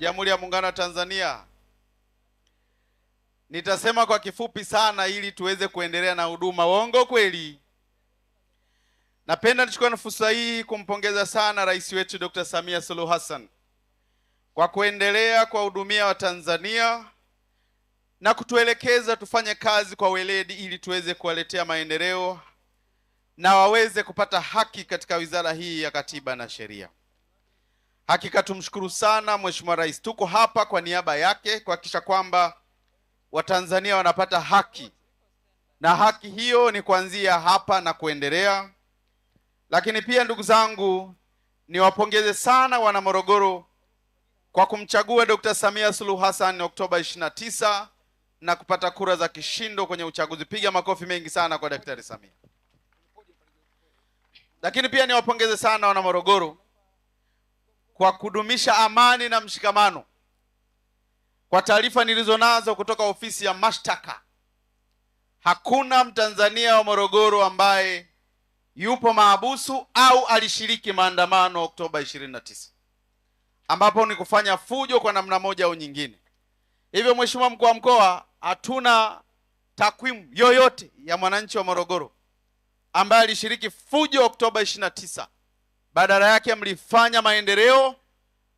Jamhuri ya Muungano wa Tanzania. Nitasema kwa kifupi sana ili tuweze kuendelea na huduma. Uongo kweli? Napenda nichukue fursa hii kumpongeza sana rais wetu Dr. Samia Suluhu Hassan kwa kuendelea kuwahudumia Watanzania na kutuelekeza tufanye kazi kwa weledi ili tuweze kuwaletea maendeleo na waweze kupata haki katika wizara hii ya Katiba na Sheria. Hakika tumshukuru sana Mheshimiwa Rais. Tuko hapa kwa niaba yake kuhakikisha kwamba Watanzania wanapata haki, na haki hiyo ni kuanzia hapa na kuendelea. Lakini pia ndugu zangu, niwapongeze sana wana Morogoro kwa kumchagua Dr. Samia Suluhu Hassan Oktoba 29 na kupata kura za kishindo kwenye uchaguzi. Piga makofi mengi sana kwa Daktari Samia. Lakini pia niwapongeze sana wana Morogoro kwa kudumisha amani na mshikamano. Kwa taarifa nilizonazo kutoka ofisi ya mashtaka, hakuna Mtanzania wa Morogoro ambaye yupo maabusu au alishiriki maandamano Oktoba 29 ambapo ni kufanya fujo kwa namna moja au nyingine. Hivyo Mheshimiwa mkuu wa mkoa, hatuna takwimu yoyote ya mwananchi wa Morogoro ambaye alishiriki fujo Oktoba 29 badala yake mlifanya maendeleo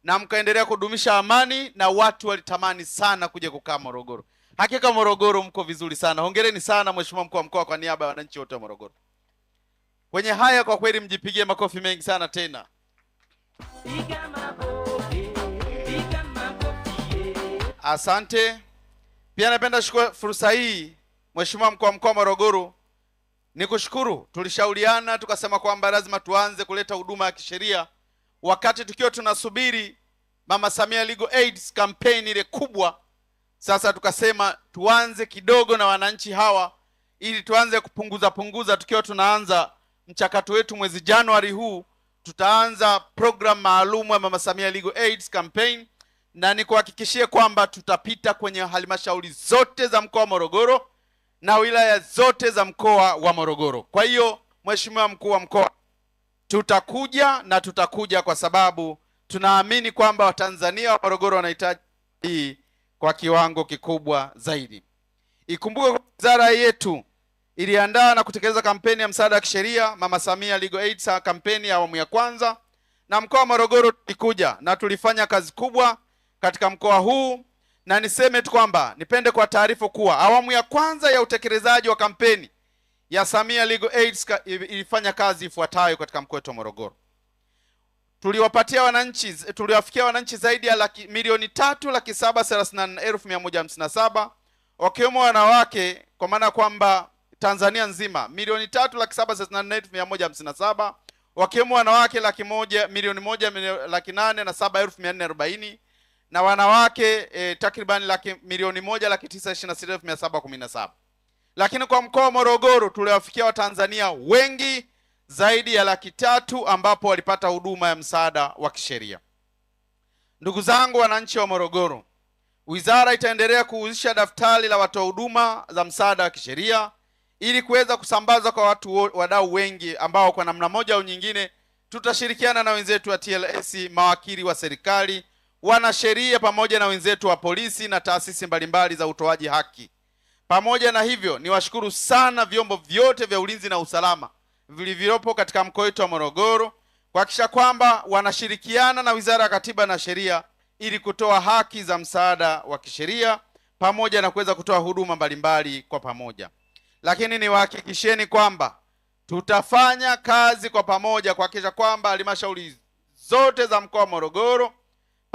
na mkaendelea kudumisha amani, na watu walitamani sana kuja kukaa Morogoro. Hakika Morogoro mko vizuri sana, hongereni sana Mheshimiwa mkuu wa mkoa kwa niaba ya wananchi wote wa Morogoro. Kwenye haya kwa kweli mjipigie makofi mengi sana tena. Asante. Pia napenda shukua fursa hii Mheshimiwa mkuu wa mkoa wa Morogoro Nikushukuru, tulishauriana tukasema kwamba lazima tuanze kuleta huduma ya kisheria wakati tukiwa tunasubiri Mama Samia Legal aids campaign ile kubwa. Sasa tukasema tuanze kidogo na wananchi hawa, ili tuanze kupunguza punguza. Tukiwa tunaanza mchakato wetu mwezi Januari huu, tutaanza program maalumu ya Mama Samia Legal aids campaign, na nikuhakikishie kwamba tutapita kwenye halmashauri zote za mkoa wa Morogoro na wilaya zote za mkoa wa Morogoro. Kwa hiyo Mheshimiwa mkuu wa mkoa, tutakuja na tutakuja kwa sababu tunaamini kwamba watanzania wa Morogoro wanahitaji hii kwa kiwango kikubwa zaidi. Ikumbuke wizara yetu iliandaa na kutekeleza kampeni ya msaada wa kisheria Mama Samia Legal Aid sa kampeni ya awamu ya kwanza, na mkoa wa Morogoro tulikuja na tulifanya kazi kubwa katika mkoa huu na niseme tu kwamba nipende kwa taarifa kuwa awamu ya kwanza ya utekelezaji wa kampeni ya Samia Legal Aid ilifanya kazi ifuatayo katika mkoa wetu wa Morogoro. Tuliwapatia wananchi, tuliwafikia wananchi zaidi ya laki, milioni tatu laki saba thelathini na nne elfu mia moja hamsini na saba wakiwemo wanawake, kwa maana kwamba Tanzania nzima milioni tatu laki saba thelathini na nne elfu mia moja hamsini na saba wakiwemo wanawake laki moja milioni moja laki nane na saba elfu mia nne arobaini na wanawake e, takriban laki milioni moja laki tisa ishirini na sita elfu mia saba kumi na saba lakini kwa mkoa wa Morogoro tuliwafikia Watanzania wengi zaidi ya laki tatu ambapo walipata huduma ya msaada wa kisheria. Ndugu zangu wananchi wa Morogoro, wizara itaendelea kuhuzisha daftari la watoa huduma za msaada wa kisheria ili kuweza kusambaza kwa watu wadau wengi ambao kwa namna moja au nyingine tutashirikiana na wenzetu wa TLS, mawakili wa serikali wanasheria pamoja na wenzetu wa polisi na taasisi mbalimbali za utoaji haki. Pamoja na hivyo, niwashukuru sana vyombo vyote vya ulinzi na usalama vilivyopo katika mkoa wetu wa Morogoro kuhakikisha kwamba wanashirikiana na Wizara ya Katiba na Sheria ili kutoa haki za msaada wa kisheria pamoja na kuweza kutoa huduma mbalimbali kwa pamoja. Lakini niwahakikisheni kwamba tutafanya kazi kwa pamoja kuhakikisha kwamba halmashauri zote za mkoa wa Morogoro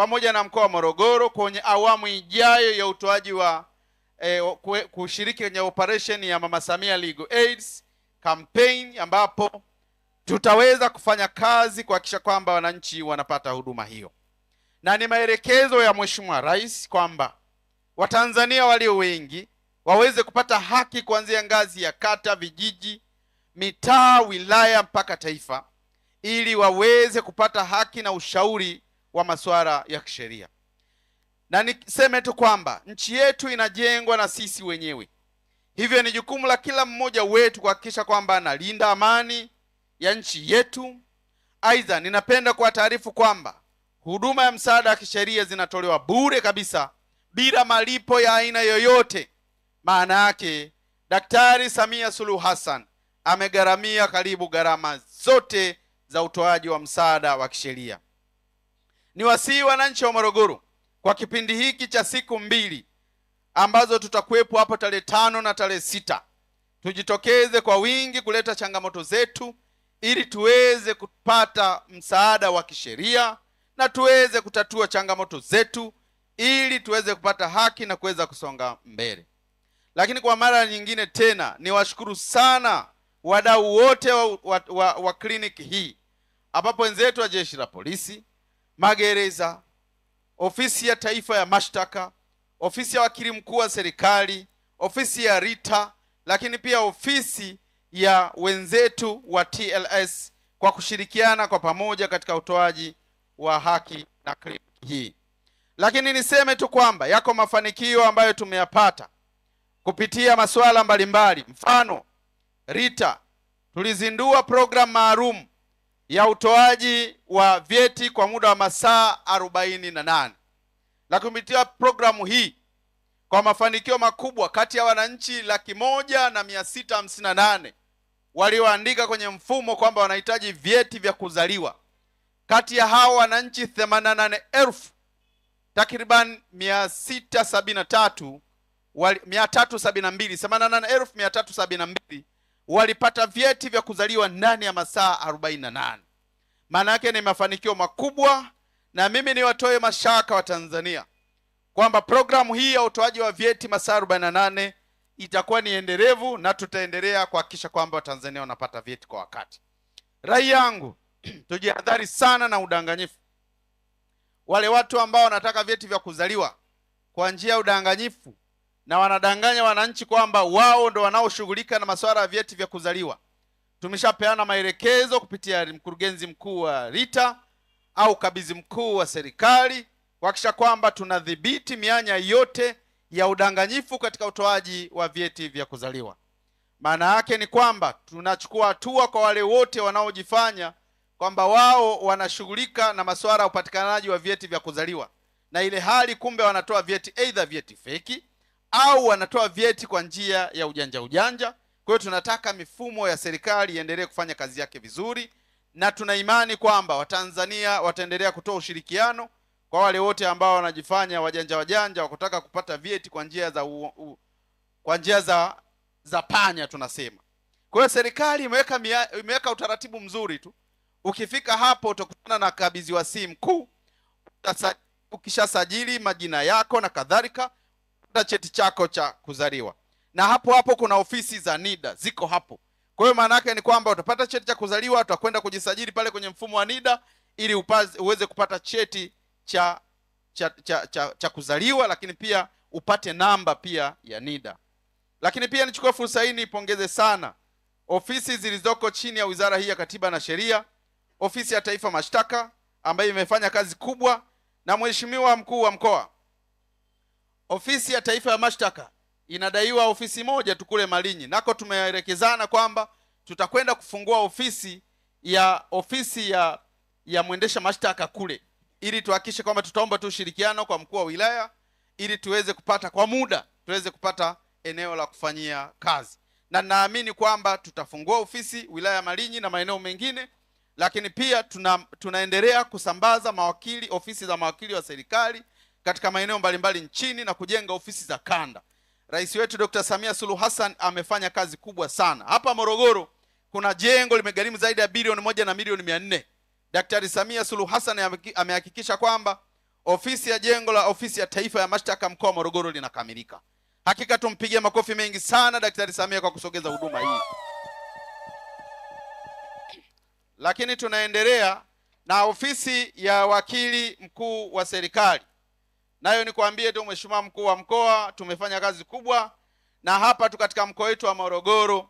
pamoja na mkoa wa Morogoro kwenye awamu ijayo ya utoaji wa eh, kushiriki kwenye operation ya Mama Samia Legal Aids campaign ambapo tutaweza kufanya kazi kuhakikisha kwamba wananchi wanapata huduma hiyo, na ni maelekezo ya Mheshimiwa Rais kwamba Watanzania walio wengi waweze kupata haki kuanzia ngazi ya kata, vijiji, mitaa, wilaya mpaka taifa, ili waweze kupata haki na ushauri wa masuala ya kisheria. Na niseme tu kwamba nchi yetu inajengwa na sisi wenyewe, hivyo ni jukumu la kila mmoja wetu kuhakikisha kwamba analinda amani ya nchi yetu. Aidha, ninapenda kuwataarifu kwamba huduma ya msaada wa kisheria zinatolewa bure kabisa bila malipo ya aina yoyote. Maana yake Daktari Samia Suluhu Hassan amegharamia karibu gharama zote za utoaji wa msaada wa kisheria ni Niwasihi wananchi wa Morogoro kwa kipindi hiki cha siku mbili ambazo tutakuwepo hapo tarehe tano na tarehe sita tujitokeze kwa wingi kuleta changamoto zetu ili tuweze kupata msaada wa kisheria na tuweze kutatua changamoto zetu ili tuweze kupata haki na kuweza kusonga mbele. Lakini kwa mara nyingine tena niwashukuru sana wadau wote wa, wa, wa, wa kliniki hii ambapo wenzetu wa jeshi la polisi magereza, ofisi ya taifa ya mashtaka, ofisi ya wakili mkuu wa serikali, ofisi ya RITA, lakini pia ofisi ya wenzetu wa TLS kwa kushirikiana kwa pamoja katika utoaji wa haki na kliniki hii. Lakini niseme tu kwamba yako mafanikio ambayo tumeyapata kupitia masuala mbalimbali. Mfano, RITA tulizindua programu maalum ya utoaji wa vyeti kwa muda wa masaa arobaini na nane na kupitia programu hii kwa mafanikio makubwa, kati ya wananchi laki moja na mia sita hamsini na nane walioandika kwenye mfumo kwamba wanahitaji vyeti vya kuzaliwa, kati ya hao wananchi themanini na nane elfu takriban mia sita sabini na tatu mia tatu sabini na mbili themanini na nane elfu mia tatu sabini na mbili walipata vyeti vya kuzaliwa ndani ya masaa 48. Maana yake ni mafanikio makubwa, na mimi niwatoe mashaka wa Tanzania kwamba programu hii ya utoaji wa vyeti masaa 48 itakuwa ni endelevu na tutaendelea kuhakikisha kwamba Watanzania wanapata vyeti kwa wakati. Rai yangu tujihadhari sana na udanganyifu. Wale watu ambao wanataka vyeti vya kuzaliwa kwa njia ya udanganyifu na wanadanganya wananchi kwamba wao ndo wanaoshughulika na masuala ya vyeti vya kuzaliwa. Tumeshapeana maelekezo kupitia mkurugenzi mkuu wa RITA au kabizi mkuu wa serikali kuhakikisha kwamba tunadhibiti mianya yote ya udanganyifu katika utoaji wa vyeti vya kuzaliwa. Maana yake ni kwamba tunachukua hatua kwa wale wote wanaojifanya kwamba wao wanashughulika na masuala ya upatikanaji wa vyeti vya kuzaliwa, na ile hali kumbe wanatoa vyeti aidha vyeti feki au wanatoa vyeti kwa njia ya ujanja ujanja. Kwa hiyo tunataka mifumo ya serikali iendelee kufanya kazi yake vizuri, na tuna imani kwamba Watanzania wataendelea kutoa ushirikiano kwa wale wote ambao wanajifanya wajanja wajanja wakutaka kupata vyeti kwa njia za u, u, kwa njia za za panya tunasema. Kwa hiyo serikali imeweka imeweka utaratibu mzuri tu. Ukifika hapo utakutana na kabizi wa simu kuu, ukishasajili majina yako na kadhalika na cheti chako cha kuzaliwa, na hapo hapo kuna ofisi za NIDA ziko hapo. Kwa hiyo maana yake ni kwamba utapata cheti cha kuzaliwa, utakwenda kujisajili pale kwenye mfumo wa NIDA ili upazi, uweze kupata cheti cha cha, cha, cha cha kuzaliwa, lakini pia upate namba pia ya NIDA. Lakini pia nichukue fursa hii niipongeze sana ofisi zilizoko chini ya wizara hii ya Katiba na Sheria, ofisi ya Taifa Mashtaka ambayo imefanya kazi kubwa, na mheshimiwa mkuu wa mkoa Ofisi ya Taifa ya Mashtaka inadaiwa ofisi moja tu kule Malinyi, nako tumeelekezana kwamba tutakwenda kufungua ofisi ya ofisi ya ya mwendesha mashtaka kule, ili tuhakikishe kwamba tutaomba tu ushirikiano kwa mkuu wa wilaya ili tuweze kupata kwa muda tuweze kupata eneo la kufanyia kazi, na naamini kwamba tutafungua ofisi wilaya ya Malinyi na maeneo mengine, lakini pia tuna, tunaendelea kusambaza mawakili ofisi za mawakili wa serikali katika maeneo mbalimbali nchini na kujenga ofisi za kanda. Rais wetu Dr. Samia Suluhu Hassan amefanya kazi kubwa sana. Hapa Morogoro kuna jengo limegharimu zaidi ya bilioni moja na milioni mia nne. Daktari Samia Suluhu Hassan amehakikisha kwamba ofisi ya jengo la ofisi ya taifa ya mashtaka mkoa wa Morogoro linakamilika. Hakika tumpigie makofi mengi sana Daktari Samia kwa kusogeza huduma hii. Lakini tunaendelea na ofisi ya wakili mkuu wa serikali Nayo nikwambie tu Mheshimiwa mkuu wa mkoa, tumefanya kazi kubwa, na hapa tu katika mkoa wetu wa Morogoro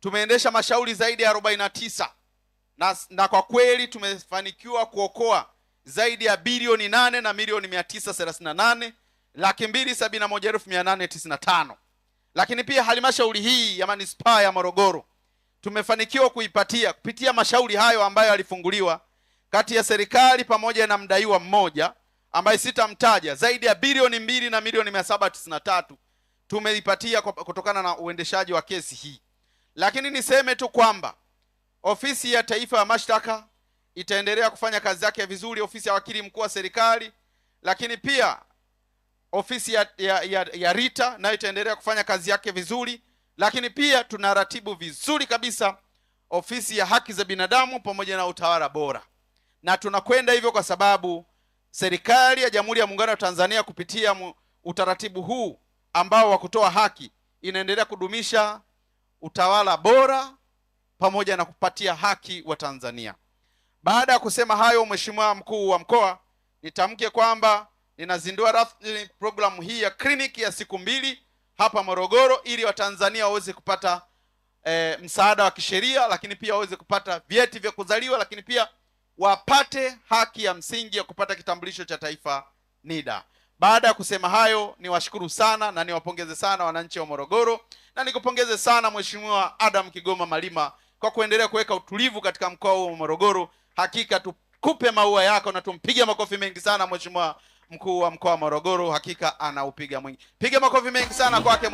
tumeendesha mashauri zaidi ya arobaini na tisa na, na kwa kweli tumefanikiwa kuokoa zaidi ya bilioni nane na milioni mia tisa thelathini na nane laki mbili sabini na moja elfu mia nane tisini na tano lakini pia halmashauri hii ya manispaa ya Morogoro tumefanikiwa kuipatia kupitia mashauri hayo ambayo yalifunguliwa kati ya serikali pamoja na mdaiwa mmoja ambaye sitamtaja zaidi ya bilioni mbili na milioni mia saba tisini na tatu tumeipatia kutokana na uendeshaji wa kesi hii, lakini niseme tu kwamba ofisi ya taifa ya mashtaka itaendelea kufanya kazi yake vizuri, ofisi ya wakili mkuu wa serikali, lakini pia ofisi ya, ya, ya, ya Rita nayo itaendelea kufanya kazi yake vizuri, lakini pia tunaratibu vizuri kabisa ofisi ya haki za binadamu pamoja na utawala bora, na tunakwenda hivyo kwa sababu serikali ya Jamhuri ya Muungano wa Tanzania kupitia utaratibu huu ambao wa kutoa haki inaendelea kudumisha utawala bora pamoja na kupatia haki wa Tanzania. Baada ya kusema hayo, Mheshimiwa Mkuu wa Mkoa, nitamke kwamba ninazindua rasmi programu hii ya kliniki ya siku mbili hapa Morogoro ili Watanzania waweze kupata e, msaada wa kisheria, lakini pia waweze kupata vyeti vya kuzaliwa, lakini pia wapate haki ya msingi ya kupata kitambulisho cha taifa NIDA. Baada ya kusema hayo, niwashukuru sana na niwapongeze sana wananchi wa Morogoro na nikupongeze sana Mheshimiwa Adam Kigoma Malima kwa kuendelea kuweka utulivu katika mkoa huo wa Morogoro. Hakika tukupe maua yako na tumpige makofi mengi sana Mheshimiwa mkuu wa mkoa wa Morogoro, hakika anaupiga mwingi. Piga makofi mengi sana kwake.